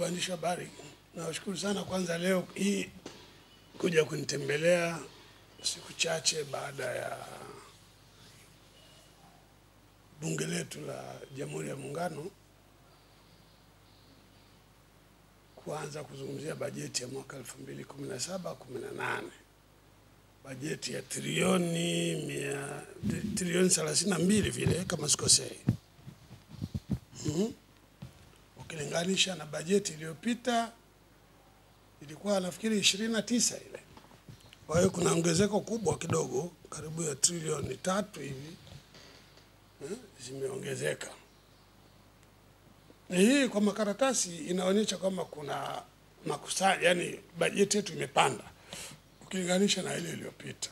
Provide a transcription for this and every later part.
ndugu waandishi wa habari, nawashukuru sana kwanza leo hii kuja kunitembelea siku chache baada ya bunge letu la Jamhuri ya Muungano kuanza kuzungumzia bajeti ya mwaka 2017 18 bajeti ya trilioni mia trilioni 32 vile kama sikosei. mm -hmm ukilinganisha na bajeti iliyopita ilikuwa nafikiri 29 ile. Kwa hiyo kuna ongezeko kubwa kidogo, karibu ya trilioni tatu hivi eh, zimeongezeka. Hii kwa makaratasi inaonyesha kwamba kuna makusanyo, yani bajeti yetu imepanda ukilinganisha na ile iliyopita.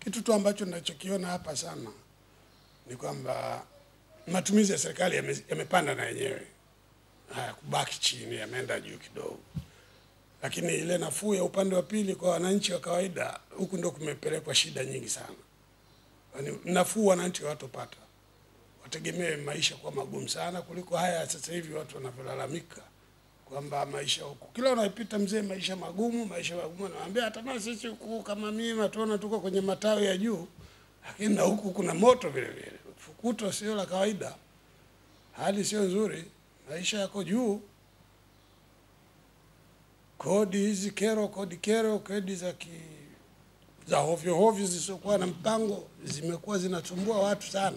Kitu tu ambacho ninachokiona hapa sana ni kwamba matumizi ya serikali yamepanda ya na yenyewe hayakubaki chini, yameenda juu kidogo. Lakini ile nafuu ya upande wa pili kwa wananchi wa kawaida, huku ndio kumepelekwa shida nyingi sana. Yani Nafuu wananchi watopata, wategemee maisha kuwa magumu sana kuliko haya sasa hivi watu wanavyolalamika kwamba maisha huku, kila unapita mzee, maisha magumu, maisha magumu. Anawaambia hata na sisi huku kama mimi natuona tuko kwenye matawi ya juu, lakini na huku kuna moto vile vile, fukuto sio la kawaida, hali sio nzuri maisha yako juu, kodi hizi kero, kodi kero, kodi za ki za hovyo hovyo zisizokuwa na mpango zimekuwa zinatumbua watu sana.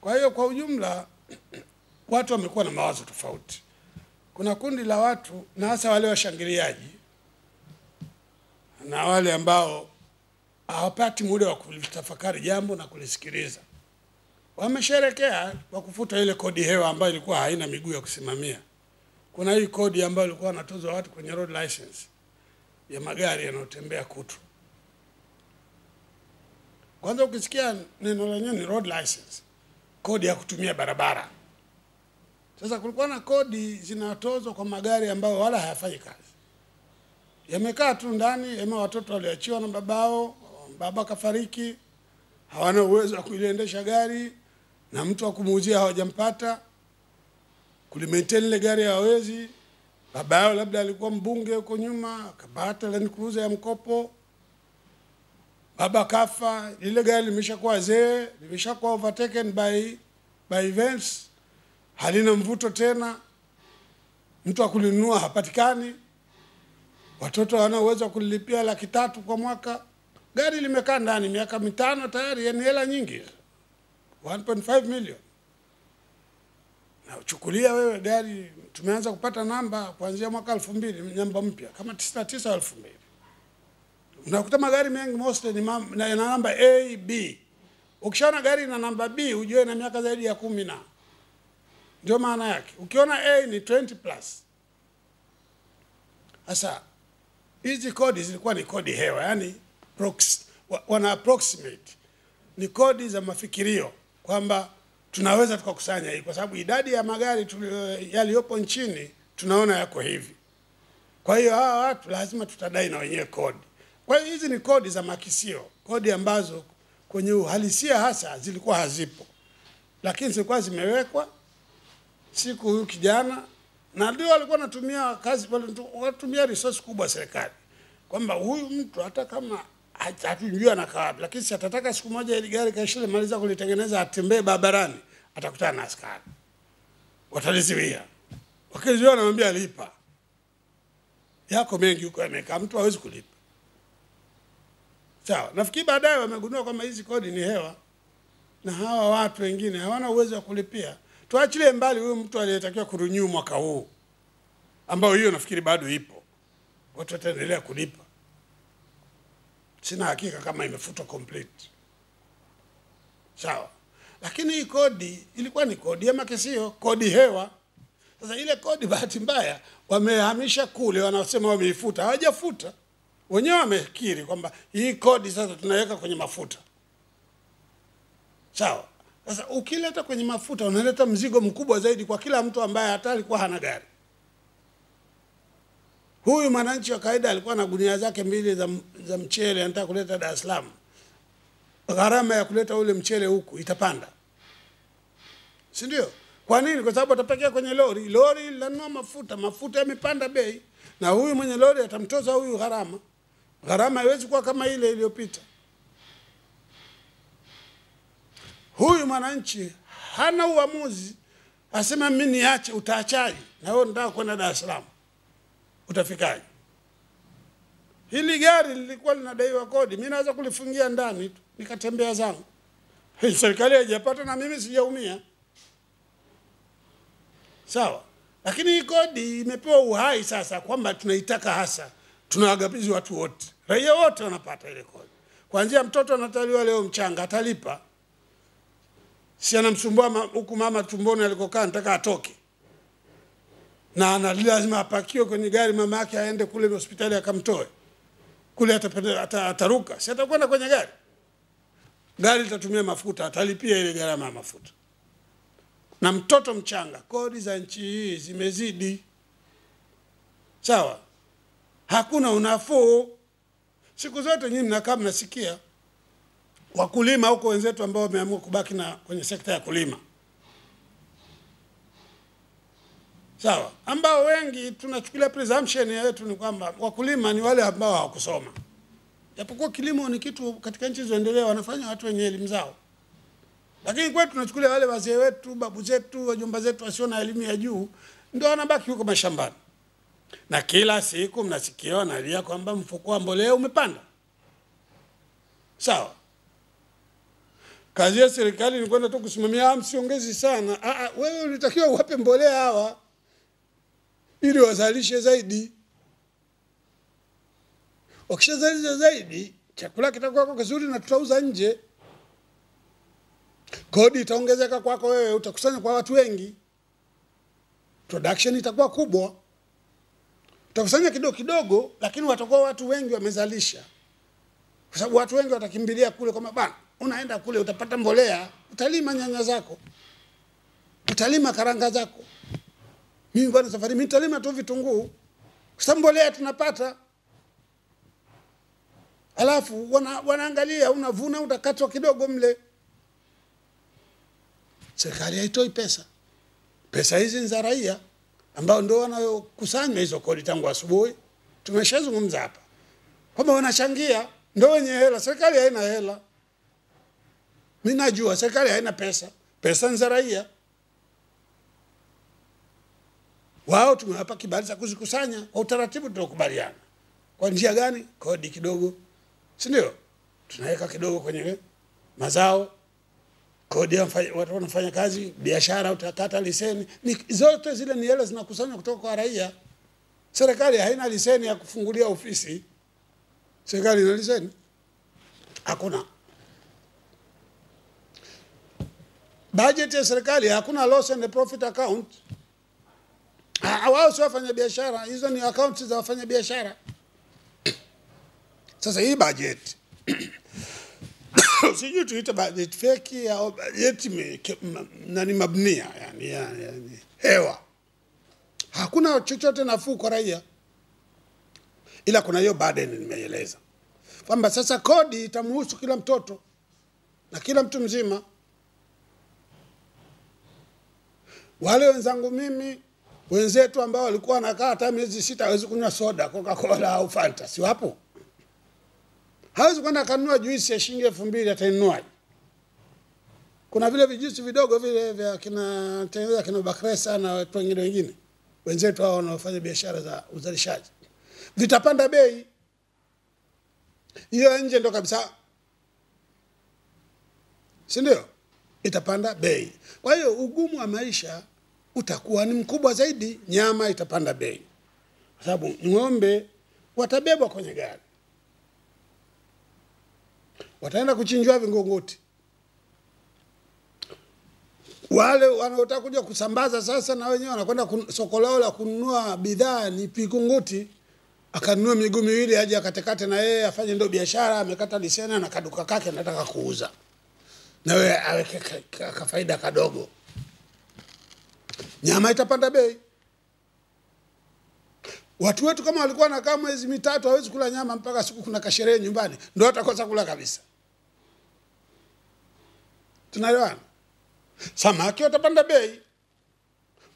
Kwa hiyo kwa ujumla watu wamekuwa na mawazo tofauti. Kuna kundi la watu na hasa wale washangiliaji na wale ambao hawapati muda wa kulitafakari jambo na kulisikiliza wamesherekea kwa kufuta ile kodi hewa ambayo ilikuwa haina miguu ya kusimamia. Kuna hii kodi ambayo ilikuwa wanatozwa watu kwenye road license ya magari yanayotembea kutu. Kwanza ukisikia neno lenyewe ni road license, kodi ya kutumia barabara. Sasa kulikuwa na kodi zinatozwa kwa magari ambayo wala hayafanyi kazi, yamekaa tu ndani, ema watoto waliachiwa na babao, baba kafariki, hawana uwezo wa kuliendesha gari, na mtu wa kumuuzia hawajampata, kulimaintain ile gari hawezi. Baba yao labda alikuwa mbunge huko nyuma, akapata Land Cruiser ya mkopo, baba kafa, lile gari limeshakuwa zee, limeshakuwa overtaken by, by events, halina mvuto tena, mtu akulinunua hapatikani, watoto hawana uwezo wa kulilipia laki tatu kwa mwaka, gari limekaa ndani miaka mitano tayari, yani hela nyingi. 1.5 million. Na uchukulia wewe gari, tumeanza kupata namba kuanzia mwaka mbili namba mpya kama tisa elfu mbili Unakuta magari mengi most ni na namba A B. Ukishaona gari na namba B ujue na miaka zaidi ya kumi na ndio maana yake. Ukiona A ni 20 plus. Sasa hizi kodi zilikuwa ni kodi hewa, yani prox, wana approximate ni kodi za mafikirio kwamba tunaweza tukakusanya hii, kwa sababu idadi ya magari eh, yaliyopo nchini tunaona yako hivi. Kwa hiyo hawa watu lazima tutadai na wenyewe kodi. Kwa hiyo hizi ni kodi za makisio, kodi ambazo kwenye uhalisia hasa zilikuwa hazipo, lakini zilikuwa zimewekwa siku huyu kijana, na ndio walikuwa wanatumia kazi, wanatumia resource kubwa serikali, kwamba huyu mtu hata kama hatujua na kawapi, lakini si atataka siku moja ile gari Kaishile maliza kulitengeneza atembee barabarani, atakutana na askari wataliziwia. Wakiziwia anamwambia lipa, yako mengi huko yamekaa, mtu hawezi kulipa. Sawa, nafikiri baadaye wamegundua kwamba hizi kodi ni hewa na hawa watu wengine hawana uwezo wa kulipia. Tuachilie mbali huyu mtu aliyetakiwa kurunyu mwaka huu, ambao hiyo nafikiri bado ipo, watu wataendelea kulipa sina hakika kama imefutwa complete, sawa. Lakini hii kodi ilikuwa ni kodi ya makisio, kodi hewa. Sasa ile kodi, bahati mbaya, wamehamisha kule, wanasema wameifuta, hawajafuta wenyewe wamekiri kwamba hii kodi sasa tunaweka kwenye mafuta sawa. Sasa ukileta kwenye mafuta unaleta mzigo mkubwa zaidi kwa kila mtu ambaye hata alikuwa hana gari. Huyu mwananchi wa kawaida alikuwa na gunia zake mbili za, za mchele anataka kuleta Dar es Salaam, gharama ya kuleta ule mchele huku itapanda, si ndio? Kwa nini? Kwa sababu atapakia kwenye lori, lori linanunua mafuta, mafuta yamepanda bei, na huyu mwenye lori atamtoza huyu gharama. Gharama haiwezi kuwa kama ile iliyopita. Huyu mwananchi hana uamuzi, asema mimi niache. utaachaje na wewe unataka kwenda Dar es Salaam utafikaje? Hili gari lilikuwa linadaiwa kodi, mimi naweza kulifungia ndani tu nikatembea zangu, serikali haijapata na mimi sijaumia, sawa. Lakini hii kodi imepewa uhai sasa, kwamba tunaitaka hasa, tunawagabizi watu wote, raia wote wanapata ile kodi, kuanzia mtoto anataliwa leo mchanga atalipa, si anamsumbua huku mama tumboni alikokaa, nataka atoke na ana lazima apakiwe kwenye gari, mama yake aende kule hospitali akamtoe kule, atapenda, ataruka, si atakwenda kwenye gari, gari litatumia mafuta, atalipia ile gharama ya mafuta na mtoto mchanga. Kodi za nchi hii zimezidi, sawa, hakuna unafuu. Siku zote nyinyi mnakaa mnasikia wakulima huko wenzetu ambao wameamua kubaki na kwenye sekta ya kulima sawa, ambao wengi tunachukulia presumption yetu ni kwamba wakulima ni wale ambao hawakusoma, japokuwa kilimo ni kitu katika nchi zilizoendelea wanafanya watu wenye elimu zao, lakini kwetu tunachukulia wale wazee wetu, babu zetu, wajomba zetu wasio na elimu ya juu ndio wanabaki huko mashambani, na kila siku mnasikia wanalia kwamba mfuko wa mbolea umepanda. Sawa, kazi ya serikali ni kwenda tu kusimamia, ah, msiongezi sana. Aa, ah, ah, wewe ulitakiwa uwape mbolea hawa ili wazalishe zaidi. Wakishazalisha zaidi, chakula kitakuwa kizuri na tutauza nje, kodi itaongezeka kwako wewe, utakusanya kwa watu wengi, production itakuwa kubwa. Utakusanya kidogo kidogo, lakini watakuwa watu wengi wamezalisha, kwa sababu watu wengi watakimbilia kule, kwamba bana, unaenda kule utapata mbolea, utalima nyanya zako, utalima karanga zako. Mimi bwana, safari mimi nitalima tu vitunguu, sasa mbolea tunapata. Alafu wana, wanaangalia unavuna utakatwa kidogo mle. Serikali haitoi pesa, pesa hizi ni za raia ambao ndio wanayokusanya hizo kodi. Tangu asubuhi tumeshazungumza hapa kwamba wanachangia, ndio wenye hela. Serikali haina hela, mi najua serikali haina pesa, pesa ni za raia. wao tumewapa kibali cha kuzikusanya kwa utaratibu tunaokubaliana. Kwa njia gani? Kodi kidogo, si ndio? Tunaweka kidogo kwenye mazao, kodi wanafanya kazi, biashara utakata leseni, ni zote zile ni hela zinakusanywa kutoka kwa raia. Serikali haina leseni ya kufungulia ofisi. Serikali ina leseni? Hakuna. Bajeti ya serikali hakuna loss and profit account. Ah, ah, wao sio wafanya biashara, hizo ni akaunti za wafanya biashara. Sasa hii bajeti sijui tuite bajeti feki au bajeti nani mabnia, yani, yani, yani hewa. Hakuna chochote nafuu kwa raia, ila kuna hiyo burden nimeeleza kwamba sasa kodi itamhusu kila mtoto na kila mtu mzima. Wale wenzangu mimi wenzetu ambao walikuwa wanakaa hata miezi sita hawezi kunywa soda Coca Cola au Fanta, si wapo? Hawezi kwenda kanunua juisi ya shilingi elfu mbili Kuna vile vijusi vidogo vile vya kina tengeneza kina Bakresa na watu wengine wengine, wenzetu hao wanaofanya biashara za uzalishaji, vitapanda bei. Hiyo nje ndo kabisa, si ndio? Itapanda bei. Kwa hiyo ugumu wa maisha utakuwa ni mkubwa zaidi, nyama itapanda bei, kwa sababu ng'ombe watabebwa kwenye gari, wataenda kuchinjwa Vingunguti. Wale wanaotaka kuja kusambaza sasa, na wenyewe wanakwenda soko lao la kununua bidhaa ni Pikunguti, akanunua miguu miwili aje akatekate na yeye afanye ndo biashara. Amekata leseni na kaduka kake, anataka kuuza, na wewe aweke kafaida kadogo nyama itapanda bei. Watu wetu kama walikuwa nakaa mwezi mitatu hawezi kula nyama mpaka siku kuna kasherehe nyumbani, ndio watakosa kula kabisa. Tunaelewana? Samaki watapanda bei,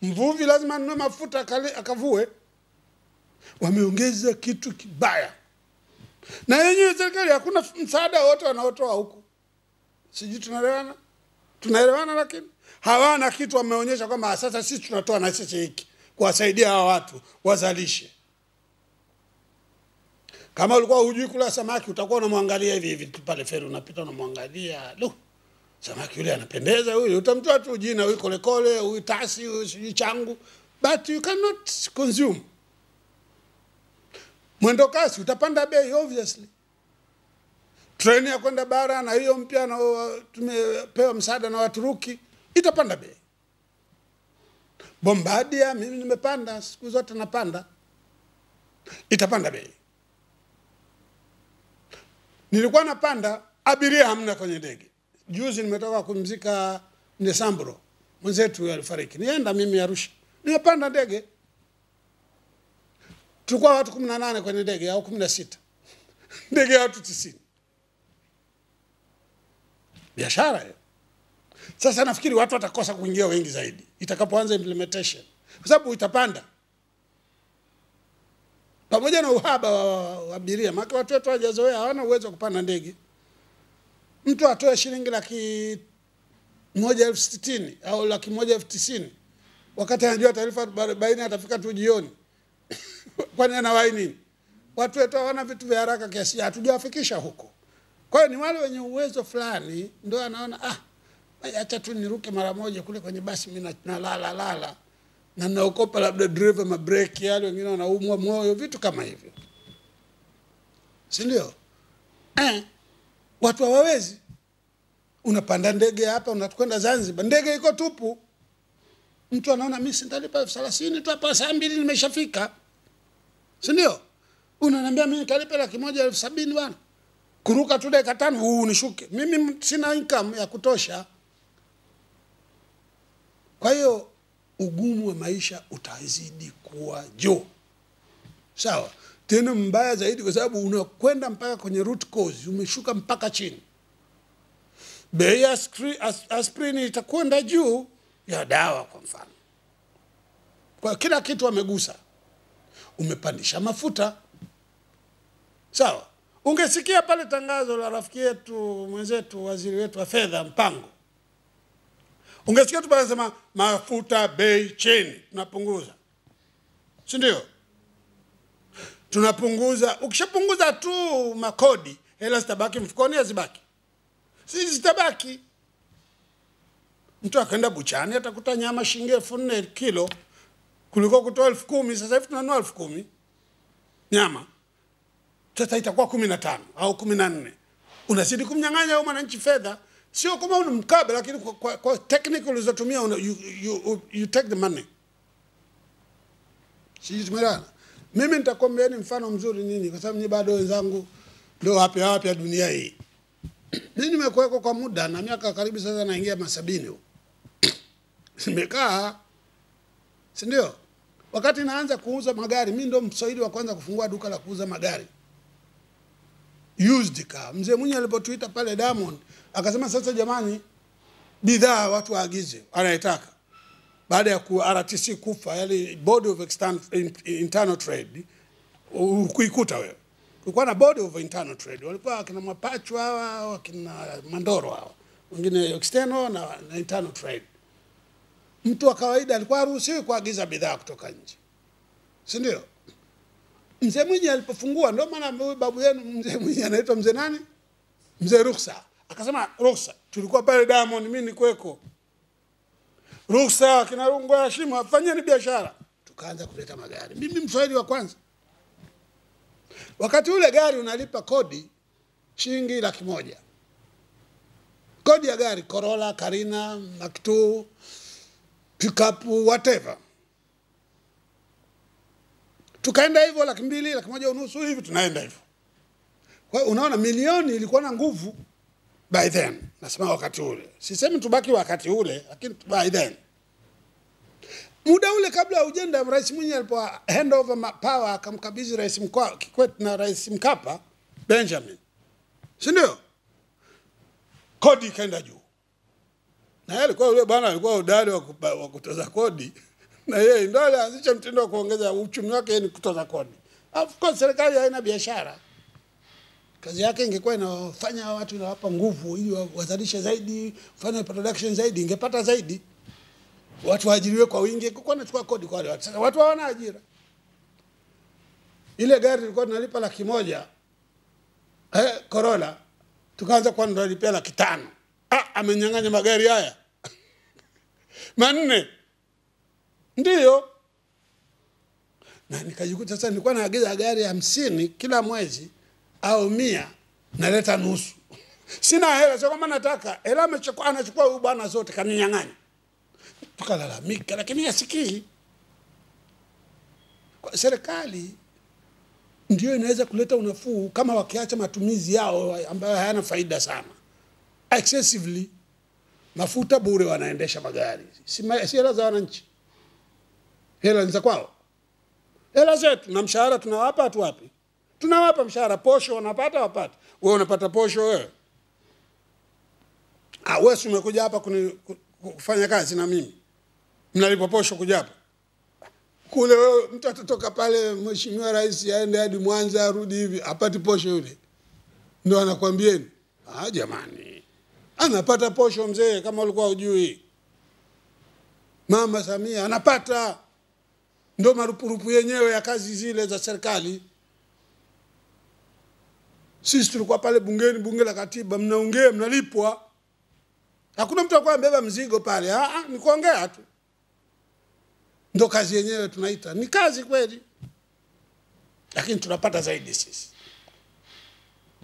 mvuvi lazima anunue mafuta akavue. Wameongeza kitu kibaya, na yenyewe serikali hakuna msaada wote wanaotoa huku, sijui tunaelewana tunaelewana, lakini hawana kitu, wameonyesha kwamba ah, sasa sisi tunatoa na sisi hiki kuwasaidia hawa watu wazalishe. Kama ulikuwa hujui kula samaki, utakuwa unamwangalia hivi hivi pale feri, unapita unamwangalia, lu samaki yule anapendeza, huyu utamtoa tu jina, huyu kolekole, huyu tasi, huyu sijui changu, but you cannot consume. Mwendo kasi utapanda bei obviously treni ya kwenda bara na hiyo mpya na uh, tumepewa msaada na Waturuki itapanda bei. bombadia mimi nimepanda siku zote napanda, itapanda bei. Nilikuwa napanda, abiria hamna kwenye ndege. Juzi nimetoka kumzika Ndesambro mwenzetu huyo alifariki, nienda mimi Arusha, nimepanda ndege, tulikuwa watu kumi na nane kwenye ndege au kumi na sita ndege ya watu tisini biashara hiyo. Sasa nafikiri watu watakosa kuingia wengi zaidi itakapoanza implementation, kwa sababu itapanda pamoja na uhaba wa abiria, maana watu wetu hawajazoea, hawana uwezo wa kupanda ndege. Mtu atoe shilingi laki moja elfu sitini au laki moja elfu tisini wakati anajua taarifa baini atafika tu jioni kwani anawai nini? Watu wetu hawana vitu vya haraka kiasi, hatujawafikisha huko. Kwa hiyo ni wale wenye uwezo fulani ndio anaona ah, acha tu niruke mara moja kule kwenye basi, mimi nalala lala na naokopa labda dereva mabreki yale, wengine wanaumwa moyo, vitu kama hivyo, si ndio? Eh, watu hawawezi. Unapanda ndege hapa, unakwenda Zanzibar, ndege iko tupu. Mtu anaona mimi sitalipa elfu thelathini tu hapa, saa mbili nimeshafika, si ndio? Unaniambia mimi nitalipa laki moja elfu sabini bwana kuruka tu dakika tano huu nishuke. Mimi sina income ya kutosha. Kwa hiyo ugumu wa maisha utazidi kuwa juu, sawa. Tena mbaya zaidi, kwa sababu unakwenda mpaka kwenye root cause, umeshuka mpaka chini. Bei ya aspirin itakwenda juu ya dawa, kwa mfano. Kwa kila kitu amegusa, umepandisha mafuta, sawa Ungesikia pale tangazo la rafiki yetu mwenzetu, waziri wetu wa fedha Mpango, ungesikia tu panasema mafuta bei chini, tunapunguza, si ndio? Tunapunguza. Ukishapunguza tu makodi, hela zitabaki mfukoni, hazibaki si zitabaki. Mtu akaenda buchani atakuta nyama shilingi elfu nne kilo, kuliko kutoa elfu kumi. Sasa hivi tunanua elfu kumi nyama sasa itakuwa kumi na tano au kumi na nne unazidi kumnyang'anya huyo mwananchi fedha, sio kama unamkabe, lakini kwa, kwa, kwa technical ulizotumia you, you, you take the money. Sijui tumeelewana. Mimi nitakuambieni mfano mzuri nini, kwa sababu nyinyi bado wenzangu ndio wapya wapya dunia hii. Mimi nimekuweko kwa muda na miaka karibu sasa naingia masabini huko nimekaa, si ndio? Wakati naanza kuuza magari, mimi ndo mswahili wa kwanza kufungua duka la kuuza magari used car. Mzee Mwinyi alipotuita pale Diamond akasema, sasa jamani, bidhaa watu waagize anayetaka, baada ya ku RTC kufa, yale Board of External, Internal Trade ukuikuta wewe kulikuwa na Board of Internal Trade, walikuwa wakina mapacho hawa wakina Mandoro hawa wengine external na, na internal trade. Mtu wa kawaida alikuwa haruhusiwi kuagiza bidhaa kutoka nje, si ndio? Mzee Mwinyi alipofungua, ndio maana babu yenu mzee Mwinyi anaitwa mzee nani, mzee Ruksa, akasema Ruksa, tulikuwa pale Diamond, mimi nikweko, Ruksa kina Rungwa ya shimo, fanyeni biashara. Tukaanza kuleta magari, mimi mswahili wa kwanza. Wakati ule gari unalipa kodi shilingi laki moja kodi ya gari, Corolla, Karina, maktu II, pickup, whatever tukaenda hivyo laki mbili laki moja unusu hivi tunaenda hivyo. Kwa unaona, milioni ilikuwa na nguvu by then, nasema wakati ule, sisemi tubaki wakati ule, lakini by then muda ule kabla ya ujenda, Rais Mwinyi alipo hand over power akamkabidhi Rais Mkwa, Kikwete na Rais Mkapa Benjamin, si ndio? Kodi ikaenda juu, na yeye alikuwa yule bwana alikuwa udari wa kutoza kodi na yeye ndio alianzisha mtindo wa kuongeza uchumi wake ni kutoza kodi. Of course serikali haina biashara, kazi yake ingekuwa inafanya watu inawapa nguvu ili wazalishe zaidi, fanye production zaidi, ingepata zaidi, watu waajiriwe kwa wingi, kwa inachukua kodi kwa wale watu. Sasa watu hawana ajira. Ile gari ilikuwa tunalipa laki moja eh, Corolla tukaanza kuwa tunalipia laki tano. Ah, amenyang'anya magari haya manne ndiyo na nikajikuta sasa nilikuwa naagiza gari hamsini kila mwezi au mia naleta nusu sina hela sio kama nataka hela anachukua huyu bwana zote kaninyang'anya tukalalamika lakini asikii serikali ndio inaweza kuleta unafuu kama wakiacha matumizi yao ambayo hayana faida sana excessively mafuta bure wanaendesha magari si hela za wananchi hela ni za kwao, hela zetu na mshahara tunawapa watu wapi? Tunawapa mshahara, posho wanapata, wapate. Wewe unapata posho wewe? Ah, wewe si umekuja hapa kufanya kazi na mimi, mnalipwa posho kuja hapa kule. Wewe mtu atatoka pale, mheshimiwa rais aende hadi Mwanza arudi hivi, apati posho yule? Ndio anakwambieni? Ah, jamani, anapata posho mzee, kama ulikuwa ujui. Mama Samia anapata ndio marupurupu yenyewe ya kazi zile za serikali. Sisi tulikuwa pale bungeni, bunge la katiba, mnaongea, mnalipwa. Hakuna mtu alikuwa mbeba mzigo pale, ah, ah, ni kuongea tu, ndio kazi yenyewe tunaita. Ni kazi kweli, lakini tunapata zaidi sisi.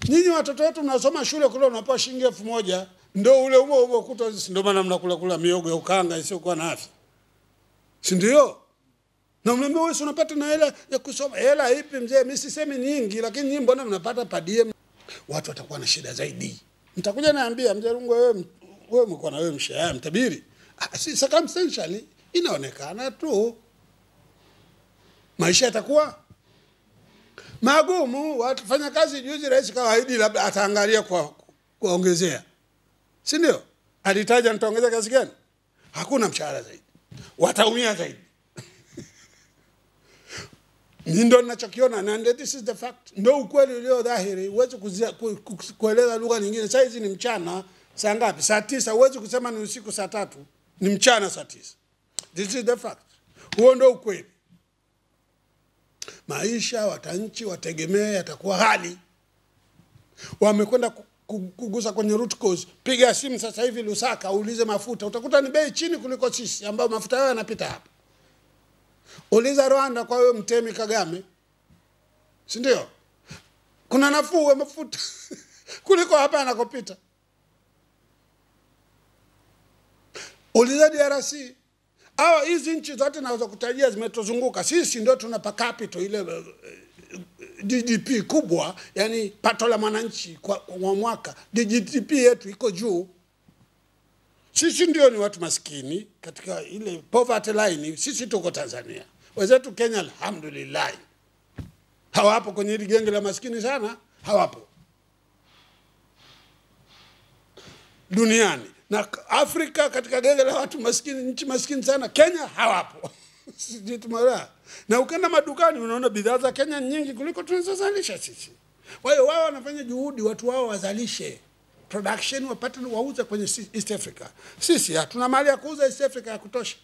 Nyinyi watoto wetu mnasoma shule kule, unapewa shilingi elfu moja ndo ule huo huo kuta, ndio maana mnakula kula miogo ya ukanga isiyokuwa na afya, si ndio? na mnaambia wewe unapata na hela ya kusoma. Hela ipi mzee? Mimi sisemi nyingi, lakini nyinyi mbona mnapata per diem? Watu watakuwa na shida zaidi. Mtakuja naambia mzee Rungwe, wewe wewe mko na wewe mshahara mtabiri. Ah, si circumstantially inaonekana tu maisha yatakuwa magumu. Watu fanya kazi. Juzi rais kawaahidi labda ataangalia kwa kuongezea, si ndio? Alitaja nitaongeza kiasi gani? Hakuna mshahara zaidi, wataumia zaidi. Ni ndo ninachokiona na this is the fact, ndo ukweli ulio dhahiri. Huwezi kueleza lugha nyingine. Saa hizi ni mchana saa ngapi? Saa tisa. Huwezi kusema ni usiku saa tatu, ni mchana saa tisa. This is the fact, huo ndo ukweli. Maisha watanchi wategemee yatakuwa hali, wamekwenda kugusa kwenye root cause. Piga simu sasa hivi Lusaka, uulize mafuta, utakuta ni bei chini kuliko sisi, ambayo mafuta yao yanapita hapa. Uliza Rwanda kwa huyo mtemi Kagame, si ndio? Kuna nafuu ya mafuta kuliko hapa anakopita. Uliza DRC hawa, hizi nchi zote naweza kutajia zimetuzunguka sisi, ndio tuna per capita ile eh, eh, GDP kubwa, yani pato la mwananchi kwa, kwa mwaka. GDP yetu iko juu sisi ndio ni watu maskini katika ile poverty line, sisi tuko Tanzania. Wenzetu Kenya, alhamdulillah, hawapo kwenye hili genge la maskini sana, hawapo duniani na Afrika katika genge la watu maskini, nchi maskini sana, Kenya hawapo. tumara. Na ukenda madukani unaona bidhaa za Kenya nyingi kuliko tunazozalisha sisi. Kwa hiyo wao wanafanya juhudi watu wao wazalishe production wapate wauze kwenye East Africa. Sisi hatuna mali ya kuuza East Africa ya kutosha.